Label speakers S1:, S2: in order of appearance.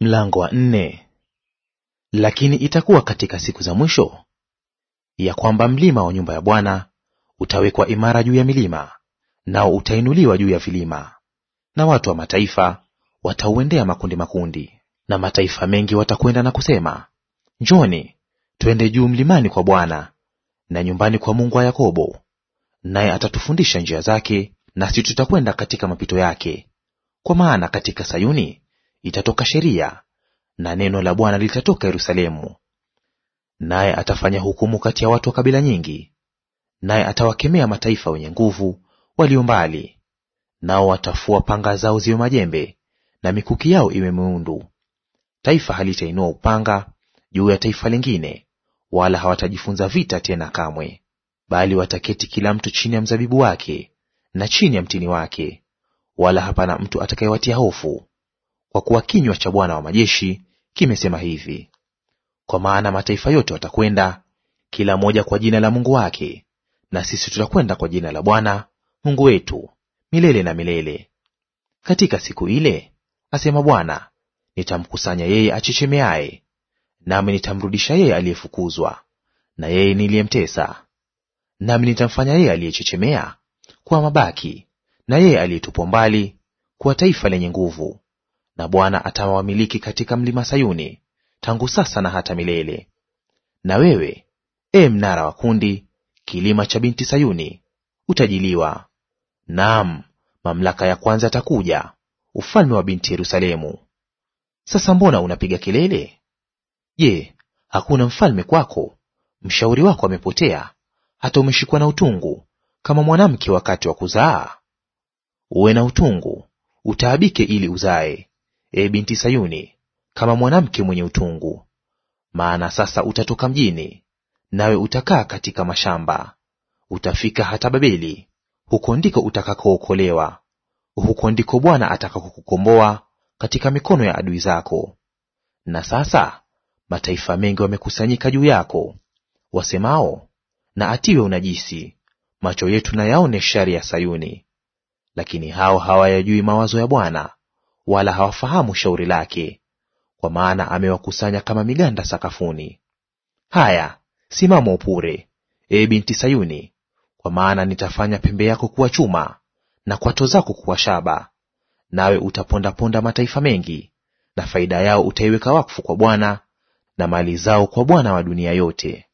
S1: Mlango wa nne. Lakini itakuwa katika siku za mwisho ya kwamba mlima wa nyumba ya Bwana utawekwa imara juu ya milima, nao utainuliwa juu ya vilima, na watu wa mataifa watauendea makundi makundi, na mataifa mengi watakwenda na kusema, njoni twende juu mlimani kwa Bwana na nyumbani kwa Mungu wa Yakobo, naye atatufundisha njia zake, nasi tutakwenda katika mapito yake. Kwa maana katika Sayuni itatoka sheria na neno la Bwana litatoka Yerusalemu. Naye atafanya hukumu kati ya watu wa kabila nyingi, naye atawakemea mataifa wenye nguvu walio mbali, nao watafua panga zao ziwe majembe na mikuki yao iwe miundu. Taifa halitainua upanga juu ya taifa lingine, wala hawatajifunza vita tena kamwe, bali wataketi kila mtu chini ya mzabibu wake na chini ya mtini wake, wala hapana mtu atakayewatia hofu, kwa kuwa kinywa cha Bwana wa majeshi kimesema hivi, kwa maana mataifa yote watakwenda kila moja kwa jina la Mungu wake, na sisi tutakwenda kwa jina la Bwana Mungu wetu milele na milele. Katika siku ile, asema Bwana, nitamkusanya yeye achechemeaye, nami nitamrudisha yeye aliyefukuzwa na yeye niliyemtesa, nami nitamfanya yeye aliyechechemea kuwa mabaki, na yeye aliyetupwa mbali kuwa taifa lenye nguvu, na Bwana atawamiliki katika mlima Sayuni tangu sasa na hata milele. Na wewe, e mnara wa kundi, kilima cha binti Sayuni, utajiliwa. Naam, mamlaka ya kwanza atakuja, ufalme wa binti Yerusalemu. Sasa mbona unapiga kelele? Je, hakuna mfalme kwako? Mshauri wako amepotea, hata umeshikwa na utungu kama mwanamke wakati wa kuzaa? Uwe na utungu, utaabike ili uzae e binti Sayuni, kama mwanamke mwenye utungu. Maana sasa utatoka mjini, nawe utakaa katika mashamba, utafika hata Babeli, huko ndiko utakakookolewa, huko ndiko Bwana atakakokukomboa katika mikono ya adui zako. Na sasa mataifa mengi wamekusanyika juu yako, wasemao, na atiwe unajisi, macho yetu na yaone shari ya Sayuni. Lakini hao hawayajui mawazo ya Bwana, wala hawafahamu shauri lake, kwa maana amewakusanya kama miganda sakafuni. Haya, simama upure, e binti Sayuni, kwa maana nitafanya pembe yako kuwa chuma na kwato zako kuwa shaba, nawe utapondaponda mataifa mengi, na faida yao utaiweka wakfu kwa Bwana na mali zao kwa Bwana wa dunia yote.